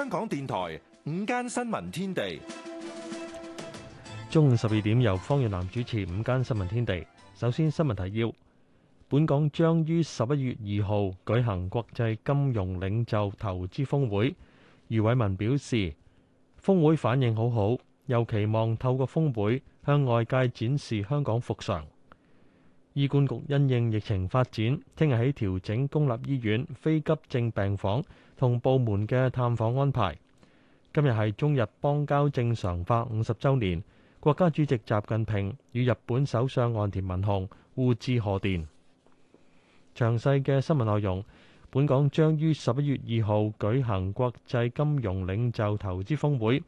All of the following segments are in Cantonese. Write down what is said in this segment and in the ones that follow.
香港電台午間新聞天地，中午十二點由方若男主持《午間新聞天地》。首先，新聞提要：本港將於十一月二號舉行國際金融領袖投資峰會。余偉文表示，峰會反應好好，又期望透過峰會向外界展示香港復常。醫管局因應疫情發展，聽日起調整公立醫院非急症病房。同部門嘅探訪安排。今日係中日邦交正常化五十週年，國家主席習近平與日本首相岸田文雄互致賀電。詳細嘅新聞內容，本港將於十一月二號舉行國際金融領袖投資峰會，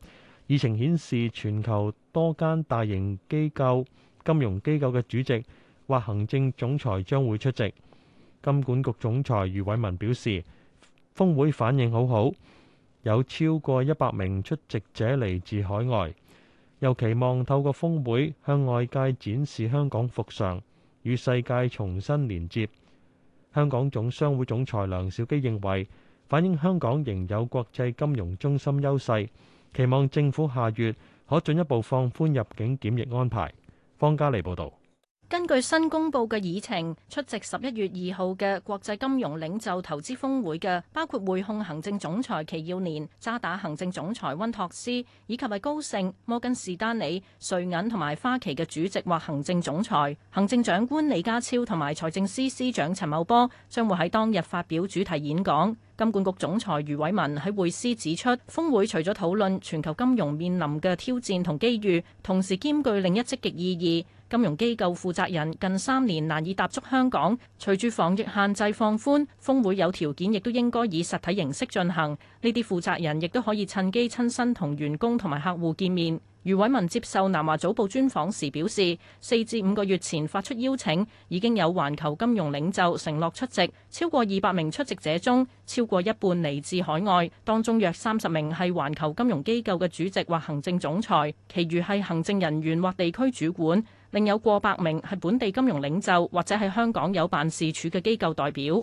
議程顯示全球多間大型機構、金融機構嘅主席或行政總裁將會出席。金管局總裁余偉文表示。峰會反應好好，有超過一百名出席者嚟自海外，又期望透過峰會向外界展示香港復常與世界重新連接。香港總商會總裁梁兆基認為，反映香港仍有國際金融中心優勢，期望政府下月可進一步放寬入境檢疫安排。方家莉報導。根據新公布嘅議程，出席十一月二號嘅國際金融領袖投資峰會嘅包括匯控行政總裁祁耀年、渣打行政總裁溫托斯，以及係高盛、摩根士丹利、瑞銀同埋花旗嘅主席或行政總裁。行政長官李家超同埋財政司司長陳茂波，將會喺當日發表主題演講。金管局總裁余偉文喺會上指出，峰會除咗討論全球金融面臨嘅挑戰同機遇，同時兼具另一積極意義。金融機構負責人近三年難以踏足香港，隨住防疫限制放寬，峰會有條件亦都應該以實體形式進行。呢啲負責人亦都可以趁機親身同員工同埋客戶見面。余偉文接受南華早報專訪時表示，四至五個月前發出邀請，已經有環球金融領袖承諾出席。超過二百名出席者中，超過一半嚟自海外，當中約三十名係環球金融機構嘅主席或行政總裁，其餘係行政人員或地區主管，另有過百名係本地金融領袖或者係香港有辦事處嘅機構代表。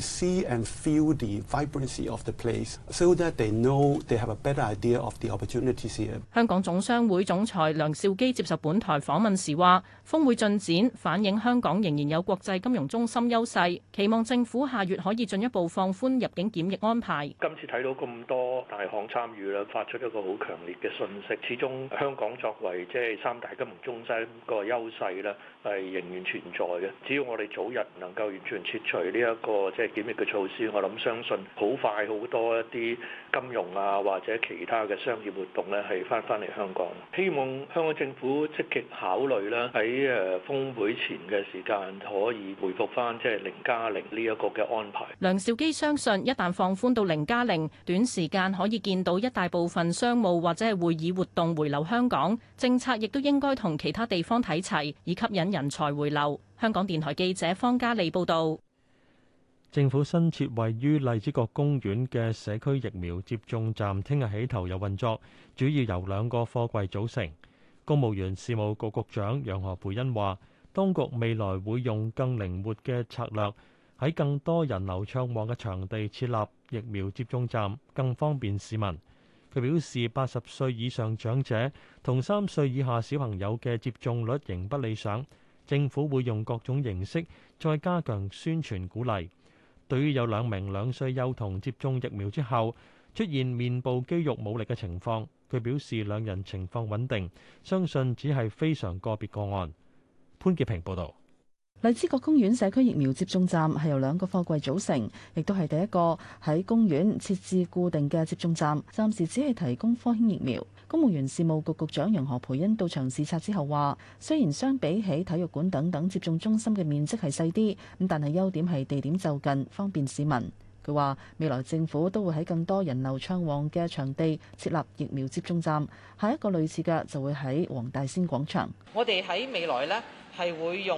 see and feel the vibrancy of the place，so that they know they have a better idea of the opportunities here。香港總商會總裁梁兆基接受本台訪問時話，峰會進展反映香港仍然有國際金融中心優勢，期望政府下月可以進一步放寬入境檢疫安排。今次睇到咁多大行參與啦，發出一個好強烈嘅訊息。始終香港作為即係三大金融中心個優勢咧，係仍然存在嘅。只要我哋早日能夠完全撤除呢一個即係。檢疫嘅措施，我諗相信好快好多一啲金融啊或者其他嘅商業活動咧，係翻翻嚟香港。希望香港政府積極考慮啦，喺誒峰會前嘅時間可以回復翻，即係零加零呢一個嘅安排。梁兆基相信，一旦放寬到零加零，0, 短時間可以見到一大部分商務或者係會議活動回流香港。政策亦都應該同其他地方睇齊，以吸引人才回流。香港電台記者方嘉莉報道。政府新設位於荔枝角公園嘅社區疫苗接種站，聽日起投入運作，主要由兩個貨櫃組成。公務員事務局局長楊何蓓茵話，當局未來會用更靈活嘅策略，喺更多人流暢旺嘅場地設立疫苗接種站，更方便市民。佢表示，八十歲以上長者同三歲以下小朋友嘅接種率仍不理想，政府會用各種形式再加強宣傳鼓勵。對於有兩名兩歲幼童接種疫苗之後出現面部肌肉冇力嘅情況，佢表示兩人情況穩定，相信只係非常個別個案。潘潔平報導。荔枝角公園社區疫苗接種站係由兩個貨櫃組成，亦都係第一個喺公園設置固定嘅接種站。暫時只係提供科興疫苗。公務員事務局局局長楊何培恩到場視察之後話，雖然相比起體育館等等接種中心嘅面積係細啲，咁但係優點係地點就近，方便市民。佢話未來政府都會喺更多人流暢旺嘅場地設立疫苗接種站。下一個類似嘅就會喺黃大仙廣場。我哋喺未來呢，係會用。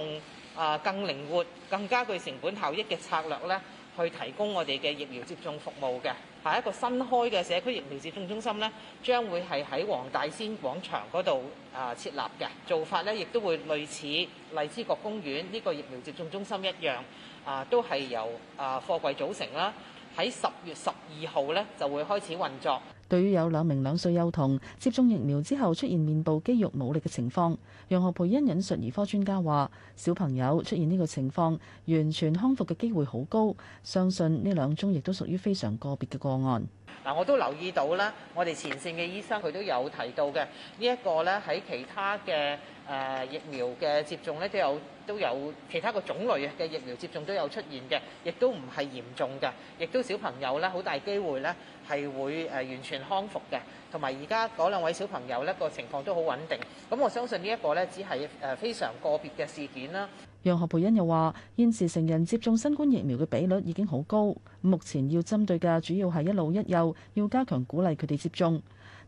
啊，更靈活、更加具成本效益嘅策略咧，去提供我哋嘅疫苗接種服務嘅，下一個新開嘅社區疫苗接種中心咧，將會係喺黃大仙廣場嗰度啊設立嘅做法咧，亦都會類似荔枝角公園呢個疫苗接種中心一樣，啊，都係由啊貨櫃組成啦，喺十月十二號咧就會開始運作。對於有兩名兩歲幼童接種疫苗之後出現面部肌肉冇力嘅情況，楊學培因引述兒科專家話：小朋友出現呢個情況，完全康復嘅機會好高，相信呢兩宗亦都屬於非常個別嘅個案。嗱，我都留意到啦，我哋前線嘅醫生佢都有提到嘅呢一個咧，喺其他嘅。誒疫苗嘅接種咧，都有都有其他個種類嘅疫苗接種都有出現嘅，亦都唔係嚴重嘅，亦都小朋友咧好大機會咧係會誒完全康復嘅，同埋而家嗰兩位小朋友咧個情況都好穩定，咁我相信呢一個咧只係誒非常個別嘅事件啦。楊何蓓茵又話：現時成人接種新冠疫苗嘅比率已經好高，目前要針對嘅主要係一老一幼，要加強鼓勵佢哋接種。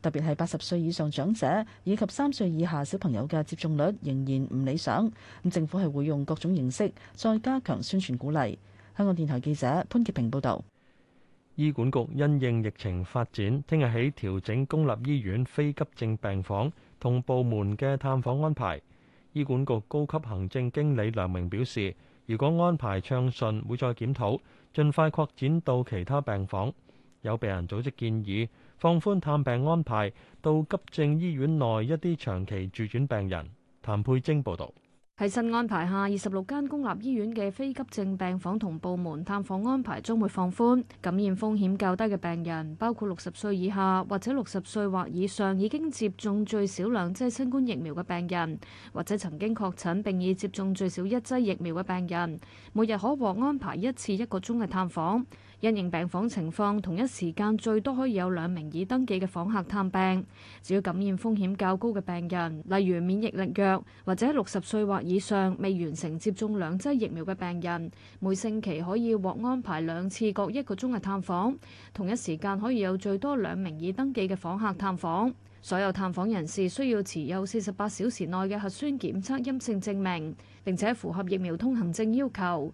特別係八十歲以上長者以及三歲以下小朋友嘅接種率仍然唔理想，咁政府係會用各種形式再加強宣傳鼓勵。香港電台記者潘潔平報導。醫管局因應疫情發展，聽日起調整公立醫院非急症病房同部門嘅探訪安排。醫管局高級行政經理梁明表示，如果安排暢順，會再檢討，盡快擴展到其他病房。有病人組織建議。放寬探病安排，到急症醫院內一啲長期住院病人。譚佩晶報導。喺新安排下，二十六間公立醫院嘅非急症病房同部門探訪安排將會放寬。感染風險較低嘅病人，包括六十歲以下或者六十歲或以上已經接種最少兩劑新冠疫苗嘅病人，或者曾經確診並已接種最少一劑疫苗嘅病人，每日可獲安排一次一個鐘嘅探訪。因應病房情況，同一時間最多可以有兩名已登記嘅訪客探病。只要感染風險較高嘅病人，例如免疫力弱或者六十歲或以上未完成接種兩劑疫苗嘅病人，每星期可以獲安排兩次各一個鐘嘅探訪，同一時間可以有最多兩名已登記嘅訪客探訪。所有探訪人士需要持有四十八小時內嘅核酸檢測陰性證明，並且符合疫苗通行證要求。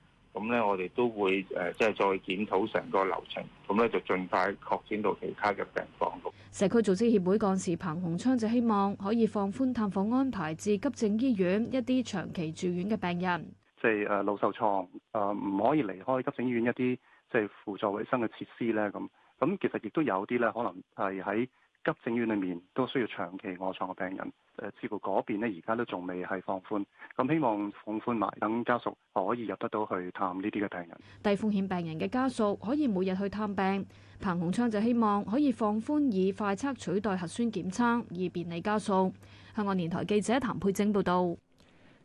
咁咧、嗯，我哋都會誒，即、呃、係再檢討成個流程，咁、嗯、咧就盡快擴展到其他嘅病房。社區組織協會幹事彭洪昌就希望可以放寬探訪安排至急症醫院一啲長期住院嘅病人，即係誒老受創誒唔、啊、可以離開急症醫院一啲即係輔助衞生嘅設施咧，咁咁其實亦都有啲咧，可能係喺。急症院裏面都需要長期臥床嘅病人，誒、呃，似乎嗰邊而家都仲未係放寬，咁、嗯、希望放寬埋，等家屬可以入得到去探呢啲嘅病人。低風險病人嘅家屬可以每日去探病。彭洪昌就希望可以放寬以快測取代核酸檢測，以便利家屬。香港電台記者譚佩貞報道。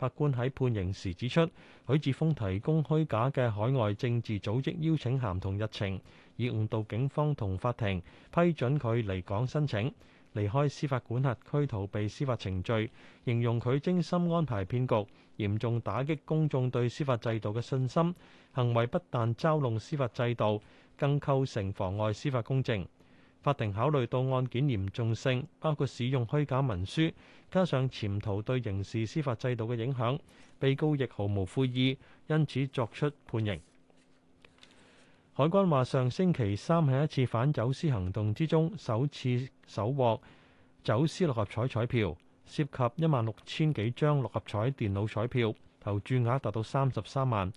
法官喺判刑時指出，許智峰提供虛假嘅海外政治組織邀請函同日程，以誤導警方同法庭批准佢離港申請，離開司法管轄區逃避司法程序，形容佢精心安排騙局，嚴重打擊公眾對司法制度嘅信心，行為不但嘲弄司法制度，更構成妨礙司法公正。法庭考慮到案件嚴重性，包括使用虛假文書，加上潛逃對刑事司法制度嘅影響，被告亦毫無悔意，因此作出判刑。海關話：上星期三喺一次反走私行動之中，首次搜獲走私六合彩彩票，涉及一萬六千幾張六合彩電腦彩票，投注額達到三十三萬。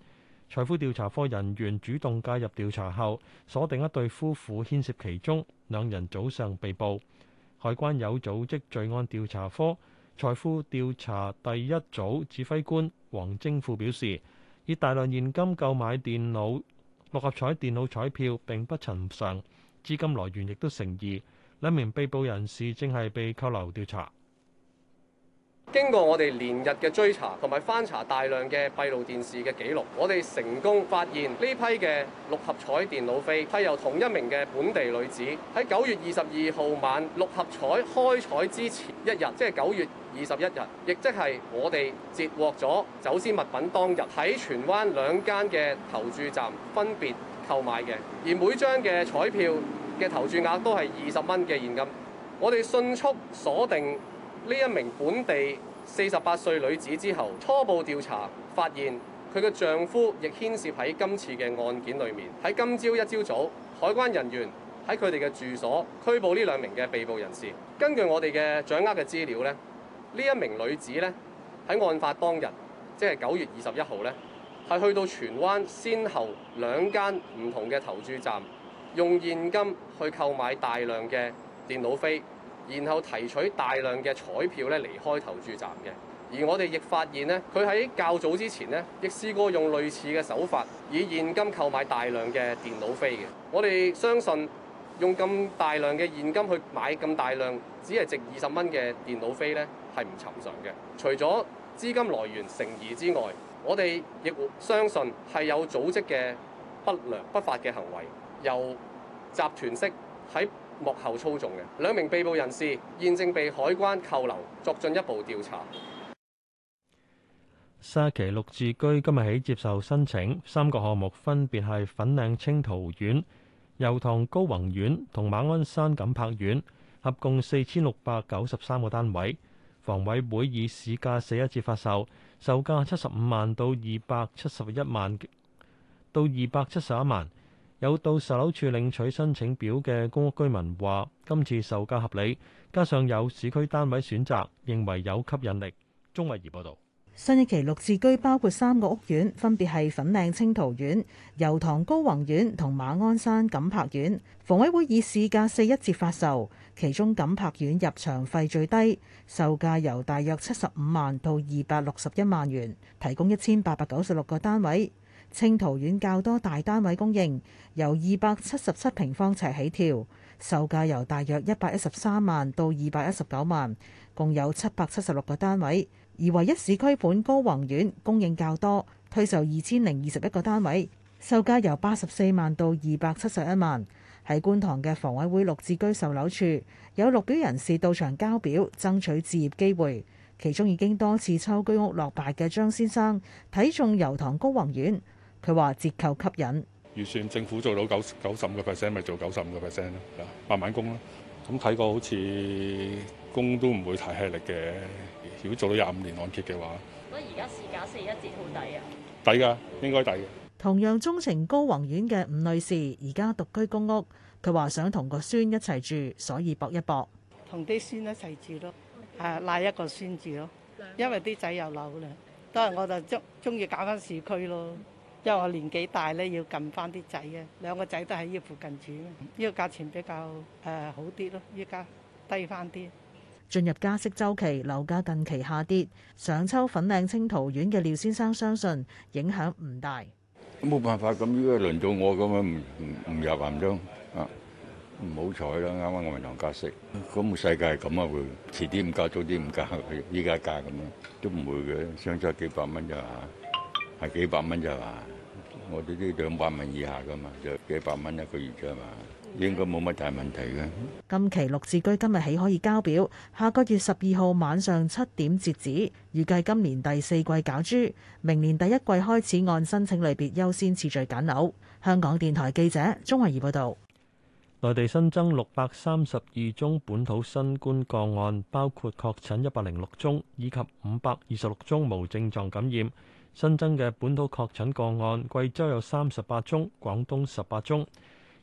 財富調查科人員主動介入調查後，鎖定一對夫婦牽涉其中。兩人早上被捕。海關有組織罪案調查科財富調查第一組指揮官黃正富表示，以大量現金購買電腦六合彩電腦彩票並不尋常，資金來源亦都成疑。兩名被捕人士正係被扣留調查。經過我哋連日嘅追查同埋翻查大量嘅閉路電視嘅記錄，我哋成功發現呢批嘅六合彩電腦飛係由同一名嘅本地女子喺九月二十二號晚六合彩開彩之前一日，即係九月二十一日，亦即係我哋截獲咗走私物品當日喺荃灣兩間嘅投注站分別購買嘅，而每張嘅彩票嘅投注額都係二十蚊嘅現金。我哋迅速鎖定。呢一名本地四十八歲女子之後，初步調查發現佢嘅丈夫亦牽涉喺今次嘅案件裏面。喺今朝一朝早，海關人員喺佢哋嘅住所拘捕呢兩名嘅被捕人士。根據我哋嘅掌握嘅資料咧，呢一名女子咧喺案發當日，即係九月二十一號咧，係去到荃灣，先後兩間唔同嘅投注站，用現金去購買大量嘅電腦飛。然後提取大量嘅彩票咧離開投注站嘅，而我哋亦發現咧，佢喺較早之前咧，亦試過用類似嘅手法以現金購買大量嘅電腦飛嘅。我哋相信用咁大量嘅現金去買咁大量只係值二十蚊嘅電腦飛咧，係唔尋常嘅。除咗資金來源成疑之外，我哋亦相信係有組織嘅不良不法嘅行為，由集團式喺。幕後操縱嘅兩名被捕人士現正被海關扣留，作進一步調查。沙琪綠置居今日起接受申請，三個項目分別係粉嶺清濤苑、油塘高宏苑同馬鞍山錦柏苑，合共四千六百九十三個單位。房委會以市價四一折發售，售價七十五萬到二百七十一萬，到二百七十一萬。有到售樓處領取申請表嘅公屋居民話：今次售價合理，加上有市區單位選擇，認為有吸引力。鍾慧儀報導。新一期綠置居包括三個屋苑，分別係粉嶺清濤苑、油塘高宏苑同馬鞍山錦柏苑。房委會以市價四一折發售，其中錦柏苑入場費最低，售價由大約七十五萬到二百六十一萬元，提供一千八百九十六個單位。青桃苑較多大單位供應，由二百七十七平方尺起跳，售價由大約一百一十三萬到二百一十九萬，共有七百七十六個單位。而唯一市區盤高宏苑供應較多，推售二千零二十一個單位，售價由八十四萬到二百七十一萬。喺觀塘嘅房委會綠置居售樓處，有綠表人士到場交表爭取置業機會。其中已經多次抽居屋落敗嘅張先生睇中油塘高宏苑。佢話折扣吸引預算，政府做到九九十五個 percent，咪做九十五個 percent 咯，慢慢供咯。咁睇過好似供都唔會太吃力嘅。如果做到廿五年按揭嘅話，我覺得而家市價四一折好抵啊！抵㗎，應該抵。同樣鍾情高宏苑嘅吳女士而家獨居公屋，佢話想同個孫一齊住，所以搏一搏，同啲孫一齊住咯，啊拉一個孫住咯，因為啲仔有樓啦，都係我就中中意搞翻市區咯。因為我年紀大咧，要近翻啲仔啊，兩個仔都喺依附近住，依個價錢比較誒好啲咯，依家低翻啲。進入加息週期，樓價近期下跌。上秋粉嶺青桃苑嘅廖先生相信影響唔大。冇辦法，咁如果輪到我咁樣唔唔入行咯，啊唔好彩啦，啱啱銀行加息，咁世界係咁啊會，遲啲唔加，早啲唔加，依家價咁樣，都唔會嘅，相差幾百蚊咋嚇？係幾百蚊咋嚇？我哋都兩百蚊以下噶嘛，就幾百蚊一個月啫嘛，應該冇乜大問題嘅。今期綠置居今日起可以交表，下個月十二號晚上七點截止，預計今年第四季攪珠，明年第一季開始按申請類別優先次序揀樓。香港電台記者鍾慧儀報導。內地新增六百三十二宗本土新冠個案，包括確診一百零六宗，以及五百二十六宗無症狀感染。新增嘅本土確診個案，貴州有三十八宗，廣東十八宗；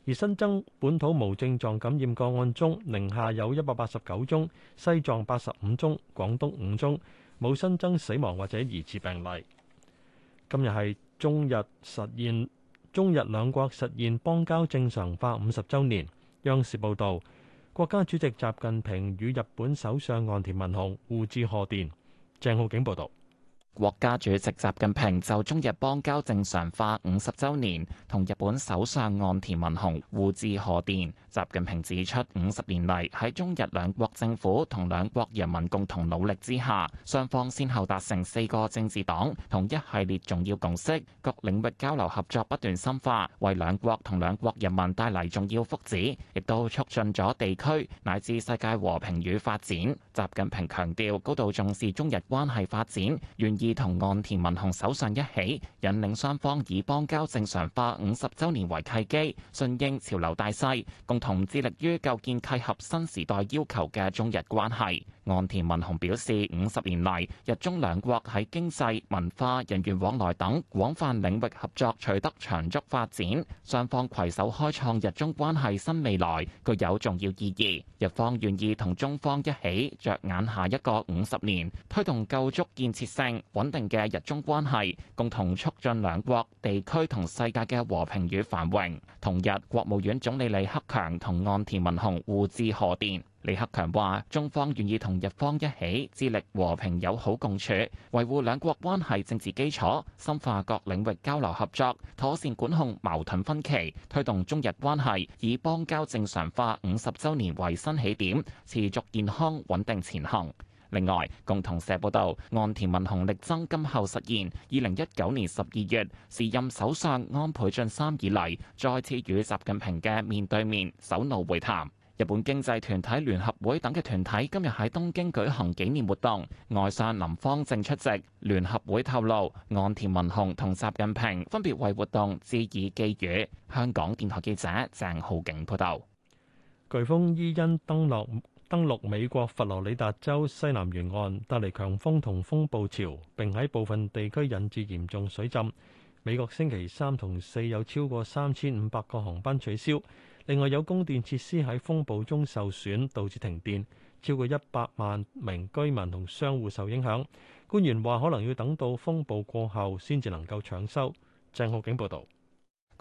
而新增本土無症狀感染個案中，寧夏有一百八十九宗，西藏八十五宗，廣東五宗。冇新增死亡或者疑似病例。今日係中日實現中日兩國實現邦交正常化五十週年。央視報導，國家主席習近平與日本首相岸田文雄互致賀電。鄭浩景報導。國家主席習近平就中日邦交正常化五十週年同日本首相岸田文雄互致賀電。習近平指出，五十年嚟喺中日兩國政府同兩國人民共同努力之下，雙方先後達成四個政治黨同一系列重要共識，各領域交流合作不斷深化，為兩國同兩國人民帶嚟重要福祉，亦都促進咗地區乃至世界和平與發展。習近平強調，高度重視中日關係發展，願。意同岸田文雄首相一起，引領雙方以邦交正常化五十周年為契機，順應潮流大勢，共同致力於構建契合新時代要求嘅中日關係。岸田文雄表示，五十年嚟，日中兩國喺經濟、文化、人員往來等廣泛領域合作取得長足發展，雙方攜手開創日中關係新未來，具有重要意義，日方願意同中方一起着眼下一個五十年，推動構築建設性。穩定嘅日中關係，共同促進兩國地區同世界嘅和平與繁榮。同日，國務院總理李克強同岸田文雄互致賀電。李克強話：中方願意同日方一起致力和平友好共處，維護兩國關係政治基礎，深化各領域交流合作，妥善管控矛盾分歧，推動中日關係以邦交正常化五十週年為新起點，持續健康穩定前行。另外，共同社報道，岸田文雄力爭今後實現二零一九年十二月，時任首相安倍晉三以嚟，再次與習近平嘅面對面首腦會談。日本經濟團體聯合會等嘅團體今日喺東京舉行紀念活動，外相林芳正出席。聯合會透露，岸田文雄同習近平分別為活動致以寄語。香港電台記者鄭浩景報道。颶風伊恩登陸。登陸美國佛羅里達州西南沿岸，帶嚟強風同風暴潮，並喺部分地區引致嚴重水浸。美國星期三同四有超過三千五百個航班取消，另外有供電設施喺風暴中受損，導致停電，超過一百萬名居民同商戶受影響。官員話可能要等到風暴過後先至能夠搶修。鄭浩景報道。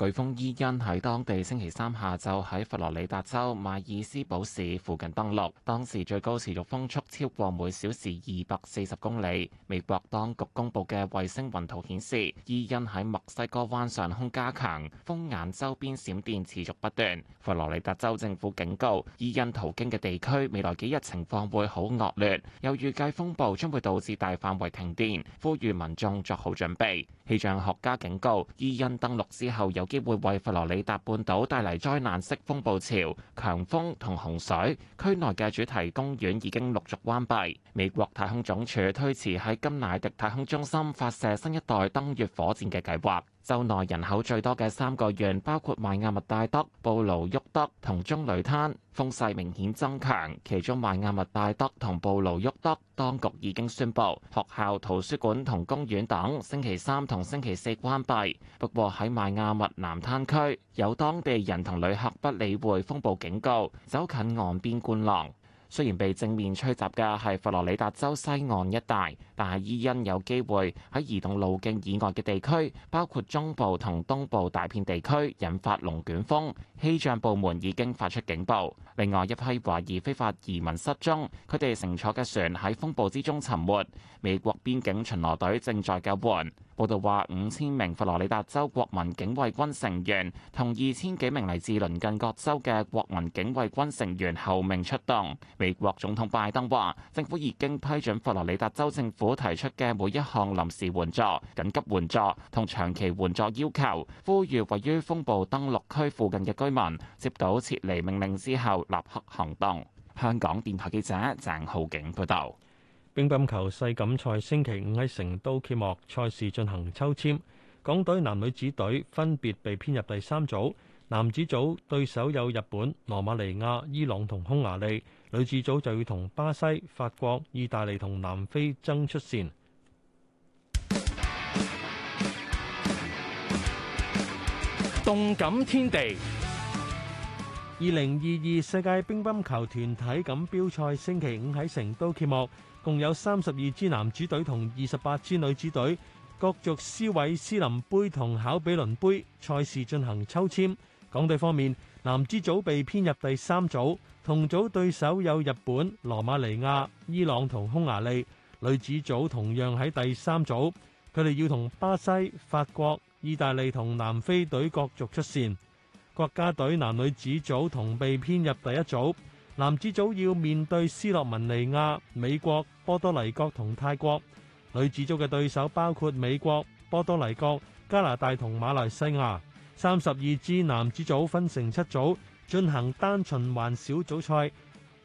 颶風伊恩喺當地星期三下晝喺佛羅里達州邁爾斯堡市附近登陸，當時最高持續風速超過每小時二百四十公里。美國當局公布嘅衛星雲圖顯示，伊恩喺墨西哥灣上空加強，風眼周邊閃電持續不斷。佛羅里達州政府警告，伊恩途經嘅地區未來幾日情況會好惡劣，又預計風暴將會導致大範圍停電，呼籲民眾作好準備。氣象學家警告，伊恩登陸之後有將會為佛羅里達半島帶嚟災難式風暴潮、強風同洪水。區內嘅主題公園已經陸續關閉。美國太空總署推遲喺金乃迪太空中心發射新一代登月火箭嘅計劃。州內人口最多嘅三個縣，包括麥亞密戴德、布盧沃德同棕櫚灘，風勢明顯增強。其中麥亞密戴德同布盧沃德，當局已經宣布學校、圖書館同公園等星期三同星期四關閉。不過喺麥亞密南灘區，有當地人同旅客不理會風暴警告，走近岸邊觀浪。雖然被正面吹襲嘅係佛羅里達州西岸一帶，但係伊恩有機會喺移動路徑以外嘅地區，包括中部同東部大片地區引發龍捲風。氣象部門已經發出警報。另外一批懷疑非法移民失蹤，佢哋乘坐嘅船喺風暴之中沉沒，美國邊境巡邏隊正在救援。報道話，五千名佛羅里達州國民警衛軍成員同二千幾名嚟自鄰近各州嘅國民警衛軍成員候命出動。美國總統拜登話，政府已經批准佛羅里達州政府提出嘅每一項臨時援助、緊急援助同長期援助要求，呼籲位於風暴登陸區附近嘅居民接到撤離命令之後立刻行動。香港電台記者鄭浩景報道。乒乓球世錦賽星期五喺成都揭幕，賽事進行抽籤，港隊男女子隊分別被編入第三組，男子組對手有日本、羅馬尼亞、伊朗同匈牙利，女子組就要同巴西、法國、意大利同南非爭出線。動感天地。二零二二世界乒乓球團體錦標賽星期五喺成都揭幕。共有三十二支男子隊同二十八支女子隊角逐斯韋斯林杯同考比倫杯，賽事進行抽籤。港隊方面，男子組被編入第三組，同組對手有日本、羅馬尼亞、伊朗同匈牙利。女子組同樣喺第三組，佢哋要同巴西、法國、意大利同南非隊角逐出線。國家隊男女子組同被編入第一組。男子組要面對斯洛文尼亞、美國、波多黎各同泰國，女子組嘅對手包括美國、波多黎各、加拿大同馬來西亞。三十二支男子組分成七組進行單循環小組賽，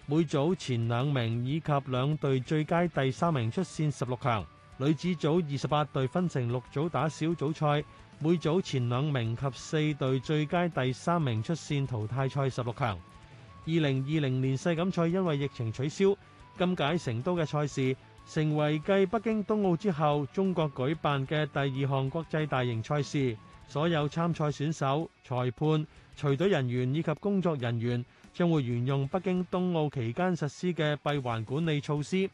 每組前兩名以及兩隊最佳第三名出線十六強。女子組二十八隊分成六組打小組賽，每組前兩名及四隊最佳第三名出線淘汰賽十六強。二零二零年世錦賽因為疫情取消，今屆成都嘅賽事成為繼北京冬奧之後中國舉辦嘅第二項國際大型賽事。所有參賽選手、裁判、隨隊人員以及工作人員將會沿用北京冬奧期間實施嘅閉環管理措施。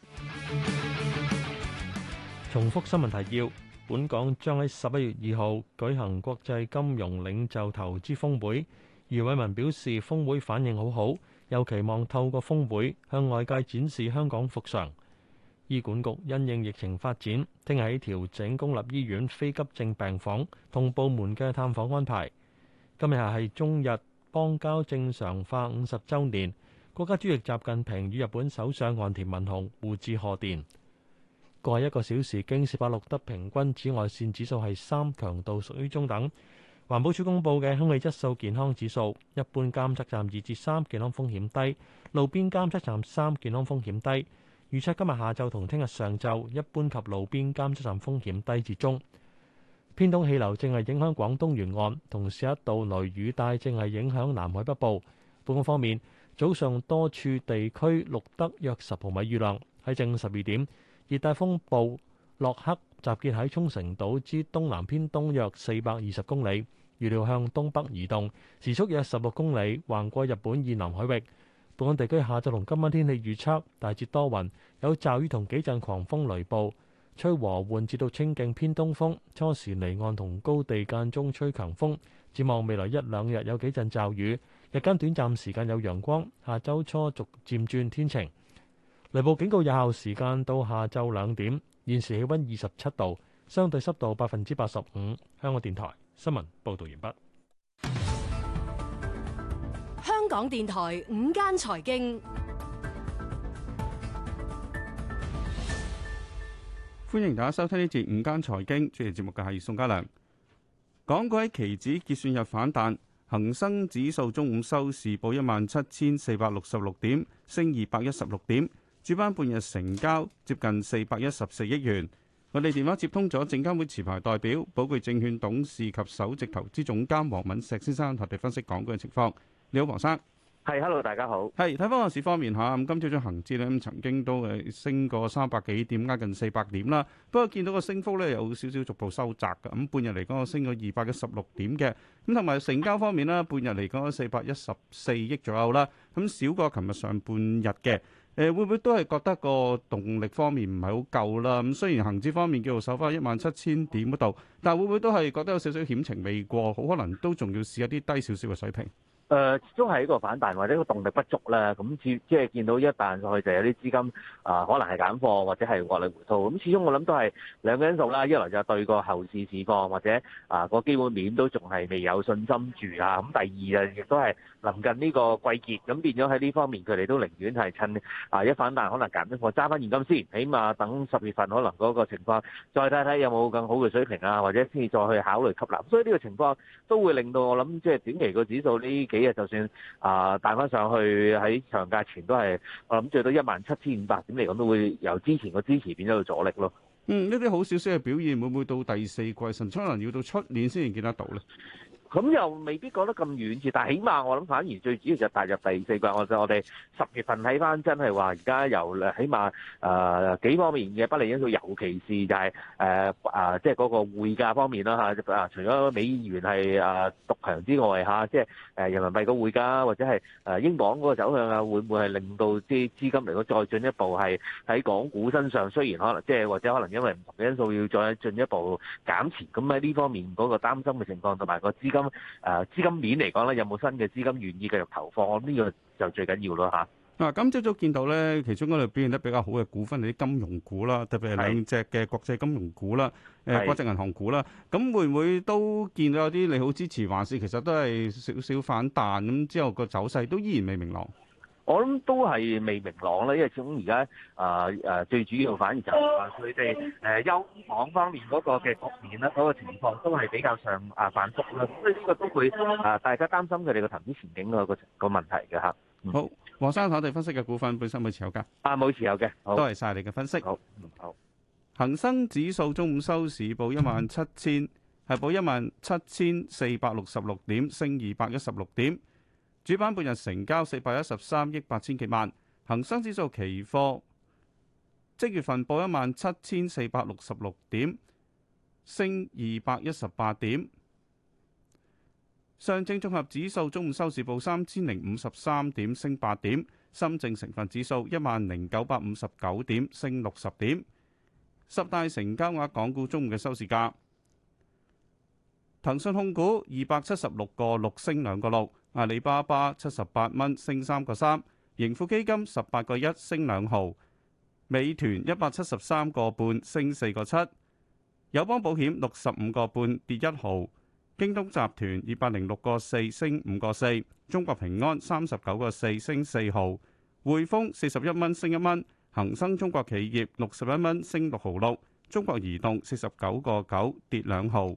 重複新聞提要，本港將喺十一月二號舉行國際金融領袖投資峰會。余偉文表示，峯會反應好好，又期望透過峯會向外界展示香港復常。醫管局因應疫情發展，聽日喺調整公立醫院非急症病房同部門嘅探訪安排。今日係中日邦交正常化五十週年，國家主席習近平與日本首相岸田文雄互致賀電。過去一個小時，京士柏錄得平均紫外線指數係三強度，屬於中等。環保署公布嘅空氣質素健康指數，一般監測站二至三，健康風險低，路邊監測站三，健康風險低。預測今日下晝同聽日上晝，一般及路邊監測站風險低至中。偏東氣流正係影響廣東沿岸，同時一道雷雨帶正係影響南海北部。本港方面，早上多處地區錄得約十毫米雨量。喺正十二點，熱帶風暴洛克集結喺沖繩島之東南偏東約四百二十公里。預料向東北移動，時速約十六公里，橫過日本以南海域。本港地區下晝同今晚天氣預測大致多雲，有驟雨同幾陣狂風雷暴，吹和緩至到清勁偏東風。初時離岸同高地間中吹強風。展望未來一兩日有幾陣驟雨，日間短暫時間有陽光。下周初逐漸轉天晴。雷暴警告有效時間到下晝兩點。現時氣溫二十七度，相對濕度百分之八十五。香港電台。新聞報道完畢。香港電台午間財經，歡迎大家收聽呢節午間財經，主持節目嘅係宋家良。港股喺期指結算日反彈，恒生指數中午收市報一萬七千四百六十六點，升二百一十六點，主板半日成交接近四百一十四億元。我哋電話接通咗證監會持牌代表寶貴證券董事及首席投資總監黃敏石先生，佢哋分析港股嘅情況。你好，黃生。係，hello，大家好。係，睇翻個市方面嚇，咁今朝早恒指咧，咁曾經都誒升過三百幾點，加近四百點啦。不過見到個升幅咧，有少少逐步收窄㗎。咁半日嚟講，升咗二百一十六點嘅。咁同埋成交方面啦，半日嚟講四百一十四億左右啦，咁少過琴日上半日嘅。誒會唔會都係覺得個動力方面唔係好夠啦？咁雖然恆指方面叫做守翻一萬七千點嗰度，但係會唔會都係覺得有少少險情未過？好可能都仲要試一啲低少少嘅水平。誒，始終係一個反彈或者個動力不足啦。咁至即係見到一彈上去就有啲資金啊，可能係減貨或者係獲利回吐。咁始終我諗都係兩個因素啦。一來就對個後市市況或者啊個基本面都仲係未有信心住啊。咁第二就亦都係。臨近呢個季節，咁變咗喺呢方面，佢哋都寧願係趁啊一反彈可能減，我揸翻現金先，起碼等十月份可能嗰個情況再睇睇有冇更好嘅水平啊，或者先至再去考慮吸納。所以呢個情況都會令到我諗，即係短期個指數呢幾日就算啊帶返上去，喺長假前都係我諗最多一萬七千五百點嚟講，都會由之前個支持變咗做阻力咯。嗯，呢啲好少少嘅表現會唔會到第四季，甚至可能要到出年先至見得到咧？咁又未必講得咁遠住，但係起碼我諗反而最主要就踏入第四季。我我哋十月份睇翻，真係話而家由誒起碼誒幾方面嘅不利因素，尤其是就係、是、誒、呃、啊，即係嗰個匯價方面啦吓，啊，除咗美元係誒獨強之外吓，即係誒人民幣個匯價或者係誒英鎊嗰個走向啊，會唔會係令到啲資金嚟講再進一步係喺港股身上？雖然可能即係、就是、或者可能因為唔同嘅因素要再進一步減持。咁喺呢方面嗰個擔心嘅情況同埋個資金。咁誒資金面嚟講咧，有冇新嘅資金願意繼續投放？呢個就最緊要咯嚇。嗱，今朝早見到咧，其中嗰度表現得比較好嘅股份係啲金融股啦，特別係兩隻嘅國際金融股啦，誒是國際銀行股啦。咁會唔會都見到有啲利好支持，還是其實都係少少反彈咁？之後個走勢都依然未明朗。我諗都係未明朗咧，因為始終而家啊啊，最主要反而就係話佢哋誒，優港方面嗰個嘅局面咧，嗰個情況都係比較上啊反覆啦，所以呢個都會啊，大家擔心佢哋個投資前景個個個問題嘅吓。好，黃生，睇下你分析嘅股份本身有冇持有噶？啊，冇持有嘅。多謝晒你嘅分析。好，恆生指數中午收市報一萬七千，係報一萬七千四百六十六點，升二百一十六點。主板半日成交四百一十三億八千幾萬，恒生指數期貨即月份報一萬七千四百六十六點，升二百一十八點。上證綜合指數中午收市報三千零五十三點，升八點。深證成分指數一萬零九百五十九點，升六十點。十大成交額港股中午嘅收市價，騰訊控股二百七十六個六升兩個六。阿里巴巴七十八蚊升三個三，盈富基金十八個一升兩毫，美團一百七十三個半升四個七，友邦保險六十五個半跌一毫，京東集團二百零六個四升五個四，中國平安三十九個四升四毫，匯豐四十一蚊升一蚊，恒生中國企業六十一蚊升六毫六，中國移動四十九個九跌兩毫。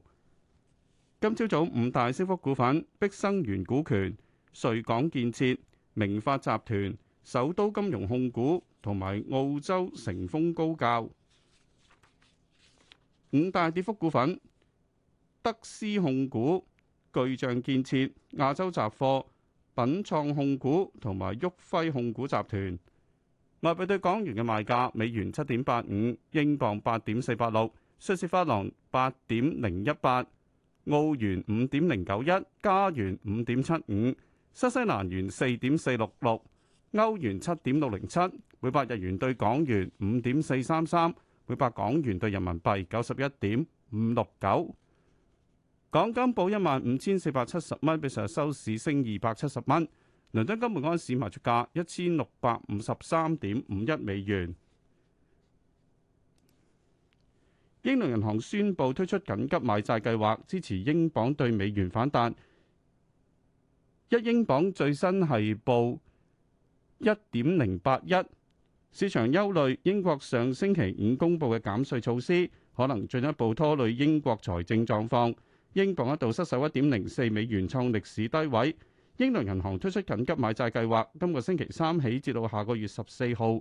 今朝早五大升幅股份：碧生源股權、瑞港建設、明發集團、首都金融控股同埋澳洲成峰高教。五大跌幅股份：德斯控股、巨象建設、亞洲雜貨、品創控股同埋旭輝控股集團。外幣對港元嘅賣價：美元七點八五，英鎊八點四八六，瑞士法郎八點零一八。澳元五點零九一，加元五點七五，新西蘭元四點四六六，歐元七點六零七，每百日元對港元五點四三三，每百港元對人民幣九十一點五六九。港金報一萬五千四百七十蚊，比上日收市升二百七十蚊。倫敦金每盎司賣出價一千六百五十三點五一美元。英倫銀行宣布推出緊急買債計劃，支持英鎊對美元反彈。一英鎊最新係報一點零八一。市場憂慮英國上星期五公布嘅減稅措施可能進一步拖累英國財政狀況，英鎊一度失守一點零四美元，創歷史低位。英倫銀行推出緊急買債計劃，今個星期三起至到下個月十四號。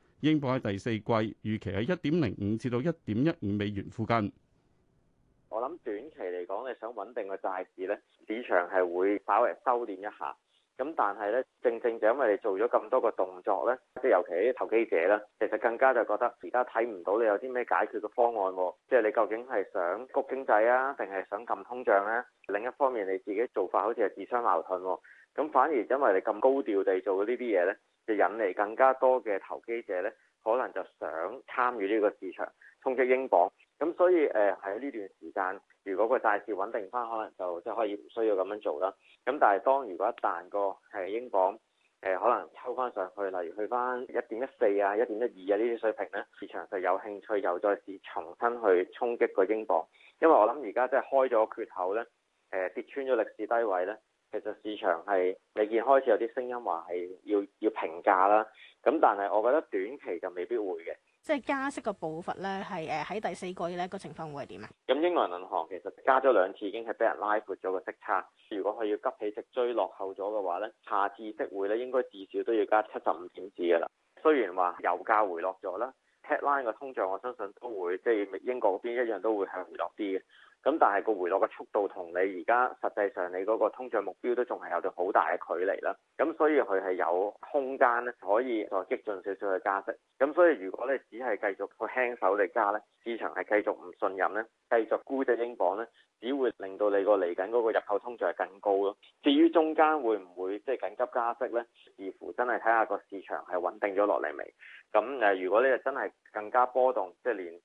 英鎊喺第四季，預期喺一點零五至到一點一五美元附近。我諗短期嚟講，你想穩定個債市呢，市場係會稍微收斂一下。咁但係呢，正正就因為你做咗咁多個動作呢，即係尤其啲投機者呢，其實更加就覺得而家睇唔到你有啲咩解決嘅方案喎。即係你究竟係想谷經濟啊，定係想撳通脹呢？另一方面，你自己做法好似係自相矛盾喎。咁反而因為你咁高調地做呢啲嘢呢。就引嚟更加多嘅投機者咧，可能就想參與呢個市場衝擊英鎊，咁所以誒喺呢段時間，如果個債市穩定翻，可能就即係可以唔需要咁樣做啦。咁但係當如果一旦個係英鎊誒、呃、可能抽翻上去，例如去翻一點一四啊、一點一二啊呢啲水平咧，市場就有興趣又再試重新去衝擊個英鎊，因為我諗而家即係開咗缺口咧，誒、呃、跌穿咗歷史低位咧。其實市場係你見，開始有啲聲音話係要要評價啦，咁但係我覺得短期就未必會嘅。即係加息嘅步伐呢，係誒喺第四個月咧，呢個情況會係點啊？咁英格蘭銀行其實加咗兩次，已經係俾人拉闊咗個息差。如果佢要急起直追落後咗嘅話呢，下次息會呢應該至少都要加七十五點子噶啦。雖然話油價回落咗啦，headline 嘅通脹我相信都會即係、就是、英國嗰邊一樣都會係回落啲嘅。咁但係個回落嘅速度同你而家實際上你嗰個通脹目標都仲係有咗好大嘅距離啦，咁所以佢係有空間咧，可以再激進少少去加息。咁所以如果你只係繼續去輕手嚟加呢，市場係繼續唔信任呢，繼續沽隻英鎊呢，只會令到你個嚟緊嗰個入口通脹係更高咯。至於中間會唔會即係緊急加息呢？視乎真係睇下個市場係穩定咗落嚟未。咁誒，如果你真係更加波動，即係連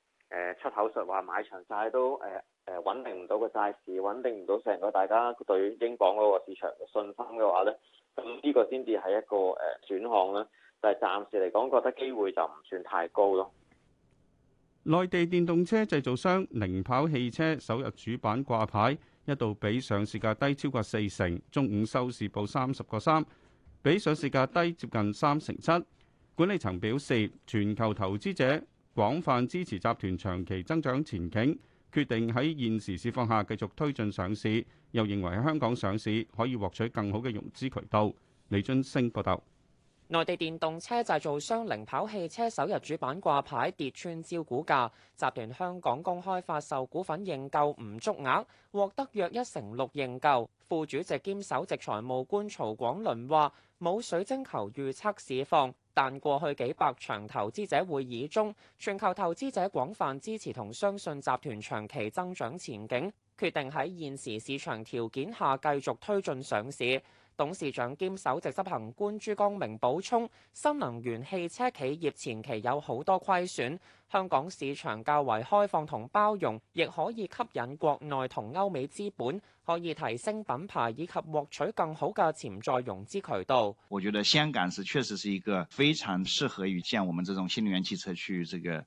出口術話買場債都誒。穩定唔到個債市，穩定唔到成個大家對於英港嗰個市場嘅信心嘅話咧，咁呢個先至係一個誒選項啦。但係暫時嚟講，覺得機會就唔算太高咯。內地電動車製造商零跑汽車首日主板掛牌，一度比上市價低超過四成，中午收市報三十個三，比上市價低接近三成七。管理層表示，全球投資者廣泛支持集團長期增長前景，決定喺現時市況下繼續推進上市，又認為喺香港上市可以獲取更好嘅融資渠道。李津升報道，內地電動車製造商零跑汽車首日主板掛牌跌穿招股價，集團香港公開發售股份認購唔足額，獲得約一成六認購。副主席兼首席財務官曹廣倫話：冇水晶球預測市況。但過去幾百場投資者會議中，全球投資者廣泛支持同相信集團長期增長前景，決定喺現時市場條件下繼續推進上市。董事長兼首席執行官朱光明補充：新能源汽車企業前期有好多虧損，香港市場較為開放同包容，亦可以吸引國內同歐美資本，可以提升品牌以及獲取更好嘅潛在融資渠道。我覺得香港是確實是一個非常適合於像我們這種新能源汽車去這個。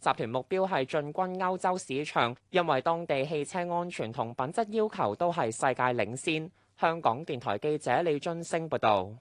集團目標係進軍歐洲市場，因為當地汽車安全同品質要求都係世界領先。香港電台記者李俊升報道。